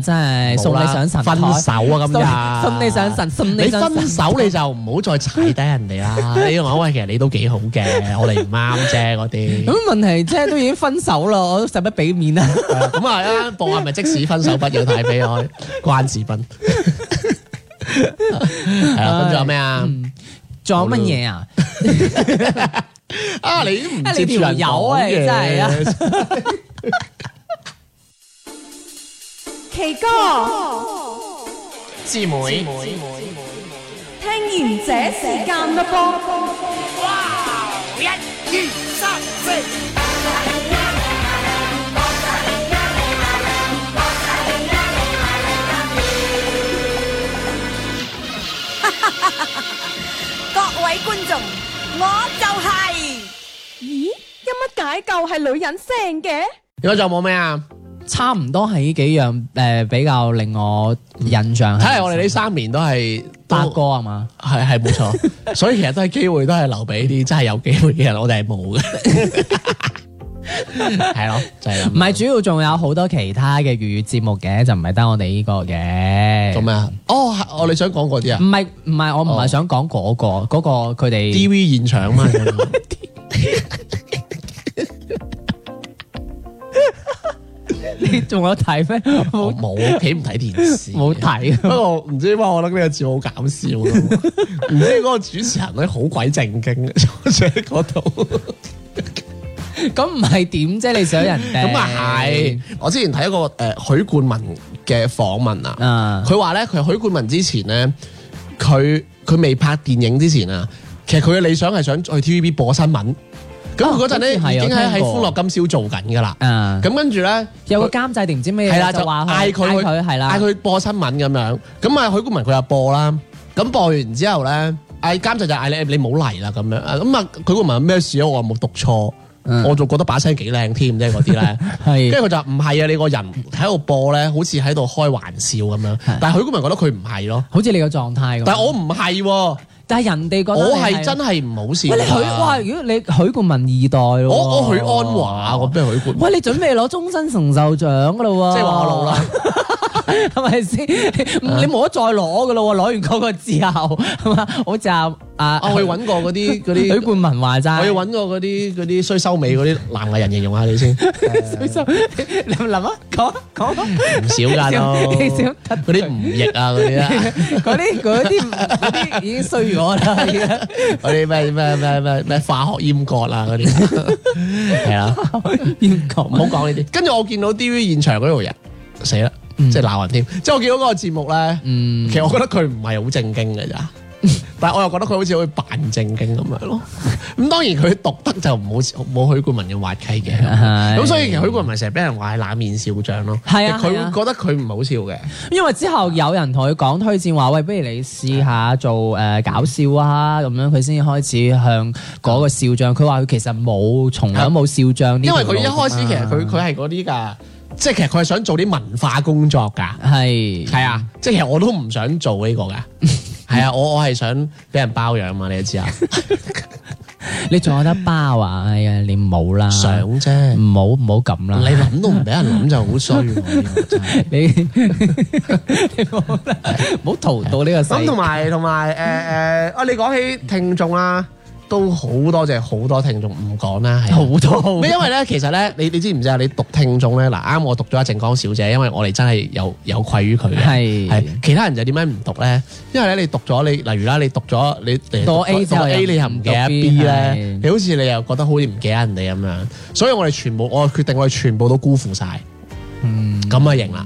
真係送你上神台分手啊咁噶，樣，送你上神，送你上神。分手你就唔好再踩低人哋啦。你話喂，其實你都幾好嘅，我哋唔啱啫，嗰啲。咁問題即係都已經分手咯，我都使乜俾面啦。咁啊，阿博係咪即使分手不要太悲哀？關智斌。 係啊，仲有咩啊？仲有乜嘢啊？阿你都唔知你條友啊，真係啊！奇哥，姊妹，聽完這時間的歌。我就係、是、咦，有乜解救係女人聲嘅？而家仲有冇咩啊？差唔多係呢幾樣誒、呃，比較令我印象我。睇嚟，嗯、我哋呢三年都係八哥啊嘛，係係冇錯。錯 所以其實都係機會，都係留俾啲真係有機會嘅人。我哋係冇嘅。 係咯， 了就係啦是。唔係主要仲有好多其他嘅粵語節目嘅，就唔係得我哋呢個嘅。做咩啊？哦，我你想講嗰啲啊？唔係唔係，我唔係想講嗰、嗰個，嗰、哦、個佢哋 DV 現場啊嘛。 你仲有睇咩？冇，屋企唔睇電視，冇睇 的。不過唔知點解，我諗呢個節目好搞笑咯。唔知嗰個主持人咧好鬼正經，坐喺嗰度。咁唔係點啫？你想人哋？咁啊係？我之前睇一個誒許冠文嘅訪問啊，佢話咧，佢許冠文之前咧，佢佢未拍電影之前啊，其實佢嘅理想係想去 TVB 播新聞。咁嗰陣咧已經喺喺歡樂今宵做緊噶啦。咁、嗯、跟住咧有個監制定唔知咩嘢就嗌佢，嗌佢係啦，嗌佢播新聞咁樣。咁啊許冠文佢又播啦。咁播完之後咧，嗌監製就嗌，你你冇嚟啦咁樣。咁啊許冠文咩事啊？我冇讀錯。我就覺得把聲幾靚添啫，嗰啲咧，跟住佢就唔係啊！你個人喺度播咧，好似喺度開玩笑咁樣。是但許冠文覺得佢唔係咯，好似你個狀態咁。但係我唔係喎，但係人哋覺得我係真係唔好笑，啊喂你。喂，許哇！如果你許冠文二代咯，啊，我我許安華，我邊係許冠。喂，你準備攞終身成就獎噶啦喎！即係話我老啦。 係咪先？你冇得再攞噶咯，攞完嗰個之後，係嘛？好似阿阿去搵過嗰啲嗰啲。許冠文話齋，我要搵過嗰啲嗰啲衰收尾嗰啲男藝人，形容下你先。衰收尾，諗唔諗啊？講講，唔少噶都。少，嗰啲吳亦啊，嗰啲，嗰啲嗰啲已經衰咗啦。嗰啲咩咩咩咩咩化學閹割啊，嗰啲係啊，閹割。唔好講呢啲。跟住我見到 D V 現場嗰度人死啦。嗯、即係鬧人添，即係我見到嗰個節目咧，嗯、其實我覺得佢唔係好正經嘅咋， 但係我又覺得佢好似可以扮正經咁樣咯。咁當然佢讀得就冇冇許冠文嘅滑稽嘅，咁的所以其實許冠文成日俾人話係冷面笑匠咯。係啊的，佢覺得佢唔好笑嘅，因為之後有人同佢講推薦話，喂，不如你試下做誒搞笑啊咁樣，佢先至開始向嗰個笑匠。佢話佢其實冇從來都冇笑匠呢，因為佢一開始、啊、其實佢佢係嗰啲㗎。即係其實佢係想做啲文化工作噶，係係是啊，即係其實我都唔想做呢個噶，係 啊，我我係想俾人包養嘛，你知啊？ 你仲有得包啊？哎呀，你冇啦，想啫，唔好唔好咁啦，你諗都唔俾人諗 就好衰，啊，這個，真 你唔好逃到呢個咁，同埋同埋誒誒，啊，你講起聽眾啊！都好多謝好多聽眾，唔講啦，好多。咩？因為咧，其實咧，你你知唔知啊？你讀聽眾咧，嗱，啱我讀咗阿靜江小姐，因為我哋真係有有愧於佢嘅。係的的，其他人就點解唔讀咧？因為咧，你讀咗你，例如啦，你讀咗你讀了 A 之了 A，你又唔記得 B 咧的，你好似你又覺得好似唔記得人哋咁樣，所以我哋全部我決定我哋全部都辜負晒。嗯，咁啊，贏啦。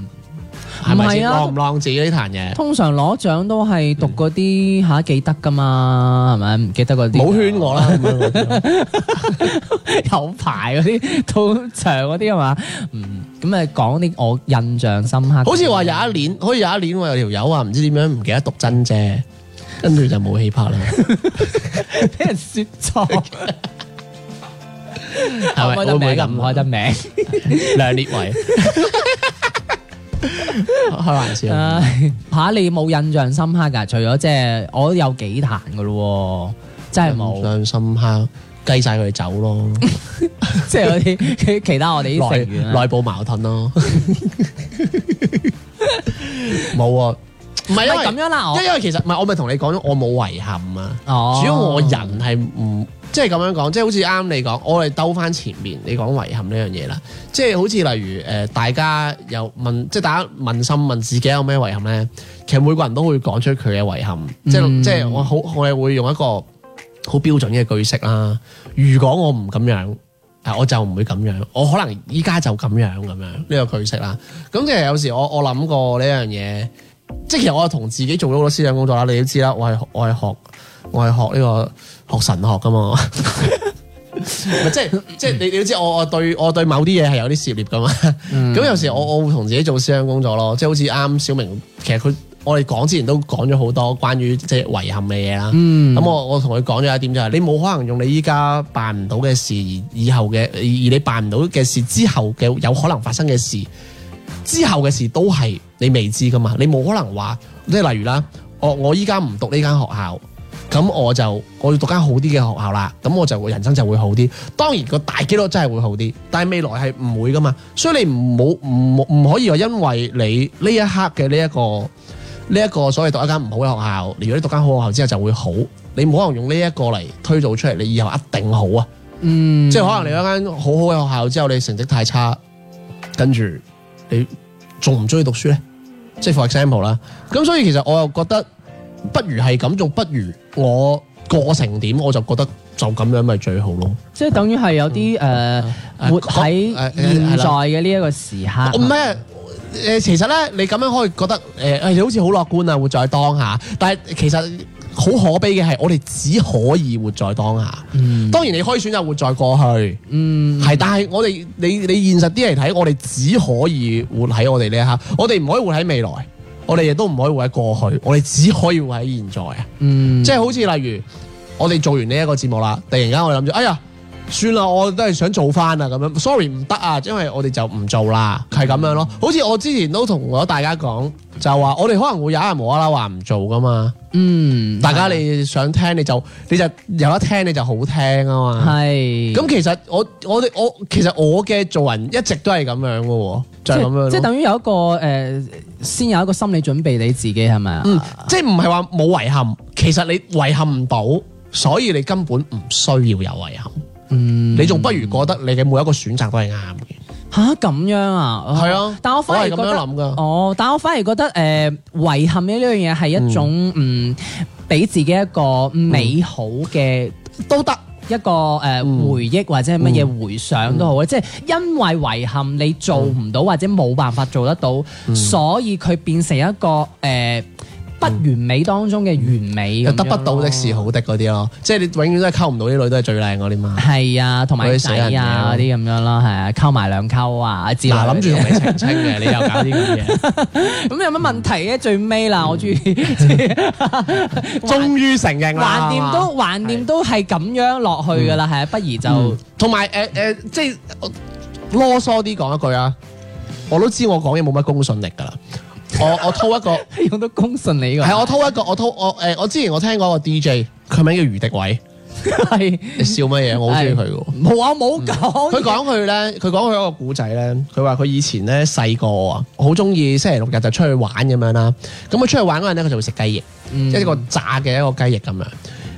係咪啊？浪唔浪子呢壇嘢？通常攞獎都係讀嗰啲吓記得噶嘛，係咪？唔記得嗰啲。冇圈我啦，有排嗰啲都長嗰啲係嘛？嗯，咁啊講啲我印象深刻。好似話有一年，好似有一年我有條友話唔知點樣唔記得讀真啫，跟住就冇戲拍啦。俾人說錯，開唔開得名？梁烈唯。開玩笑、啊，吓你冇印象深刻噶？除咗即係我有幾壇噶咯，真係冇印象深刻，計晒佢哋走咯， 即係嗰啲其他我哋啲內內部矛盾咯，冇 啊，唔係啊，咁樣啦，因為其實唔係我咪同你講咗，我冇遺憾啊，哦、主要我人係唔。即係咁樣講，即係好似啱你講，我哋兜翻前面你講遺憾呢樣嘢啦。即係好似例如誒，大家又問，即係大家問心問自己有咩遺憾咧？其實每個人都會講出佢嘅遺憾。嗯、即係即係我好，我係會用一個好標準嘅句式啦。如果我唔咁樣，但我就唔會咁樣。我可能依家就咁樣咁樣，呢個句式啦。咁即係有時我我諗過呢樣嘢。即係其實我係同自己做咗好多思想工作啦，你都知啦，我係我係學我係學呢個學神學噶嘛， 即係即係你你都知我我對我對某啲嘢，係有啲涉獵噶嘛，咁 有時我我會同自己做思想工作咯，即係好似啱小明，其實佢我哋講之前都講咗好多關於即係遺憾嘅嘢啦，咁 我我同佢講咗一點就係你冇可能用你依家辦唔到嘅事，而以後嘅而你辦唔到嘅事之後嘅有可能發生嘅事。之後嘅事都係你未知噶嘛，你冇可能話即係例如啦，我我依家唔讀呢間學校，咁我就我要讀間好啲嘅學校啦，咁我就會人生就會好啲。當然個大幾率真係會好啲，但係未來係唔會噶嘛。所以你唔好唔唔可以話因為你呢一刻嘅呢一個呢一個所謂讀一間唔好嘅學校，如果你讀間好學校之後就會好。你冇可能用呢一個嚟推導出嚟，你以後一定好啊。嗯，即係可能你有一間好好嘅學校之後，你成績太差，跟住。你仲唔中意讀書咧？即係 for example 啦。咁所以其實我又覺得，不如係咁，做，不如我過程點我就覺得就咁樣咪最好咯。即係等於係有啲誒、呃嗯、活喺現在嘅呢一個時刻。唔係，其實咧，你咁樣可以覺得誒、呃，你好似好樂觀啊，活在當下。但係其實。好可悲嘅係，我哋只可以活在當下。嗯、當然你可以選擇活在過去，係、嗯，但係我哋你你現實啲嚟睇，我哋只可以活喺我哋呢一刻。我哋唔可以活喺未來，我哋亦都唔可以活喺過去。我哋只可以活喺現在啊！即係、嗯、好似例如，我哋做完呢一個節目啦，突然間我諗住，哎呀～算啦，我都係想做翻啊，咁樣。Sorry，唔得啊，因為我哋就唔做啦，係咁樣咯。好似我之前都同咗大家講，就話我哋可能會有人無啦啦話唔做噶嘛。嗯，大家你想聽你就你就，你就有得聽你就好聽啊嘛。係。咁其實我我哋我其實我嘅做人一直都係咁樣噶，就係咁樣咯。即係等於有一個誒、呃，先有一個心理準備你自己係咪啊？即係唔係話冇遺憾，其實你遺憾唔到，所以你根本唔需要有遺憾。嗯，你仲不如覺得你嘅每一個選擇都係啱嘅。吓咁、啊、樣啊？係、哦、啊，但我反而覺得樣哦，但我反而覺得誒，遺、呃、憾呢樣嘢係一種嗯，俾自己一個美好嘅都得一個誒回憶或者係乜嘢回想都好咧。嗯嗯嗯、即係因為遺憾你做唔到或者冇辦法做得到，嗯、所以佢變成一個誒。呃不完美當中嘅完美，得不到的是好的嗰啲咯即係你永遠都係溝唔到啲女，都係最靚嗰啲嘛。係啊，同埋死人嘢嗰啲咁樣咯係啊，溝埋兩溝啊，自諗住同你澄清嘅，你又搞啲咁嘅嘢，咁 有乜問題嘅？最尾啦，我終於終於承認，橫掂都橫掂是都係咁樣落去噶啦，係啊、嗯，不如就同埋誒誒，即係囉嗦啲講一句啊，我都知我講嘢冇乜公信力噶啦。 我我偷一個， 用到公信你噶。係我偷一個，我偷我誒、欸，我之前我聽過個 DJ，佢名叫余迪偉。係 你笑乜嘢？我好中意佢噶。冇啊、哎，冇講。 佢講佢咧，佢講佢一個古仔咧。佢話佢以前咧細個啊，好中意星期六日就出去玩咁樣啦。咁佢出去玩嗰陣咧，佢就會食雞翼，嗯、即係一個炸嘅一個雞翼咁樣。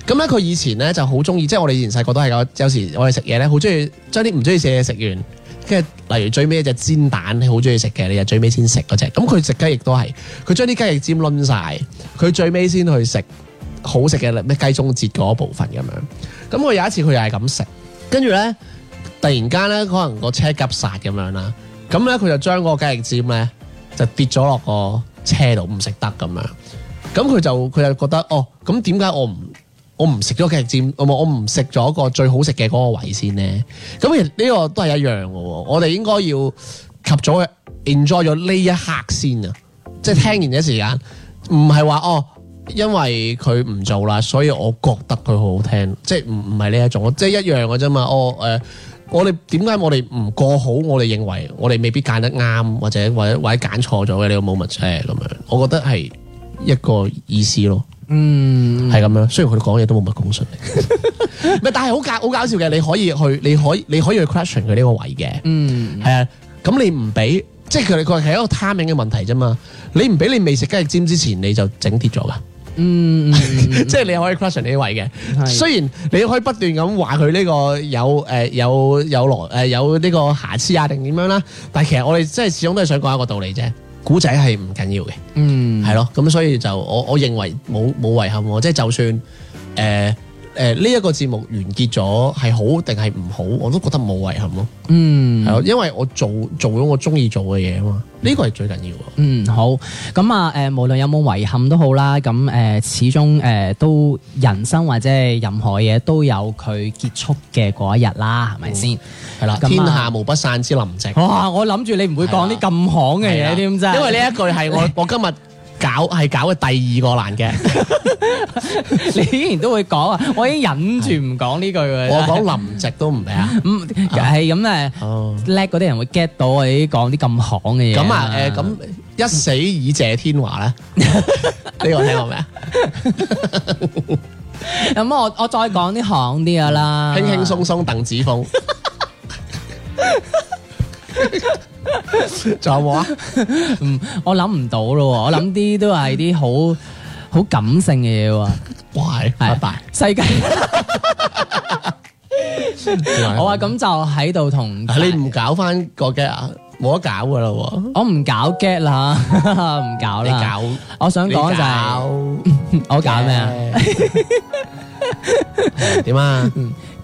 咁咧佢以前咧就好中意，即、就、係、是、我哋以前細個都係有時我哋食嘢咧，好中意將啲唔中意食嘢食完。跟住，例如最尾一隻煎蛋，你好中意食嘅，你就最尾先食嗰隻。咁佢食雞翼都係，佢將啲雞翼尖掄晒，佢最尾先去食好食嘅咩雞中節嗰部分咁樣。咁我有一次佢又係咁食，跟住咧突然間咧，可能個車急剎咁樣啦，咁咧佢就將嗰個雞翼尖咧就跌咗落個車度，唔食得咁樣。咁佢就佢就覺得，哦，咁點解我唔？我唔食咗嘅尖，我我唔食咗個最好食嘅嗰個位先咧。咁其實呢個都係一樣嘅。我哋應該要及早 enjoy 咗呢一刻先啊！即係聽完一時間，唔係話哦，因為佢唔做啦，所以我覺得佢好好聽。即係唔唔係呢一種，即係一樣嘅啫嘛。哦，誒、呃，我哋點解我哋唔過好？我哋認為我哋未必揀得啱，或者或者或者揀錯咗嘅呢個 moment 咁樣。我覺得係一個意思咯。嗯，係咁、mm hmm. 樣，雖然佢講嘢都冇乜公信力，唔係，但係好搞好搞笑嘅，你可以去，你可以你可以去 question 佢呢個位嘅，嗯、mm，係、hmm. 啊，咁你唔俾，即係佢哋佢係一個 timing 嘅問題啫嘛，你唔俾你未食雞翼尖之前，你就整跌咗噶，嗯、mm，hmm. 即係你可以 question 呢位嘅，mm hmm. 雖然你可以不斷咁話佢呢個有誒有有羅誒有呢個瑕疵啊定點樣啦，但係其實我哋即係始終都係想講一個道理啫。古仔係唔緊要嘅，嗯，係咯，咁所以就我我認為冇冇遺憾喎，即、就係、就算、呃誒，呢一個節目完結咗係好定係唔好，我都覺得冇遺憾咯。嗯，係咯，因為我做做咗我中意做嘅嘢啊嘛，呢、這個係最緊要。嗯，好。咁啊，誒，無論有冇遺憾都好啦。咁誒，始終誒都、呃、人生或者任何嘢都有佢結束嘅嗰一日啦，係咪先？係啦、嗯，天下無不散之筵席，嗯。哇，我諗住你唔會講啲咁行嘅嘢添啫。因為呢一句係我 我今日。 搞係搞嘅第二個難嘅， 你依然都會講啊！我已經忍住唔講呢句嘅。我講林夕都唔俾啊。咁係咁咧，叻嗰啲人會 get 到我哋講啲咁行嘅嘢。咁啊誒，咁一死以謝天華咧，呢個聽過未啊？咁我我再講啲行啲嘅啦，輕輕鬆鬆，鬆鄧梓峰。 仲有冇啊？嗯，我諗唔到咯，我諗啲都係啲好好感性嘅嘢。哇！係，拜拜。世界。好啊，咁就喺度同你唔搞翻個 get 啊，冇得搞噶啦！我唔搞 get 啦，唔搞啦。你搞？我想講就係我搞咩啊？點啊？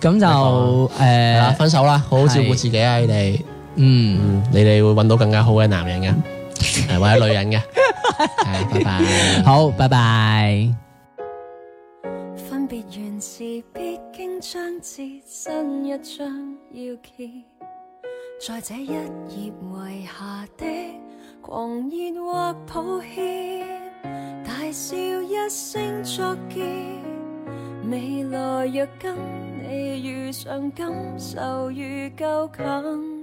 咁就誒，分手啦！好好照顧自己啊，你哋。嗯，你哋會搵到更加好嘅男人嘅、呃，或者女人嘅，係、 啊、拜拜，好，拜拜。分別原是必經掙扎新一章要揭在這一頁寫下的狂言或抱歉，大笑一聲作結，未來若跟你遇上，感受如舊近。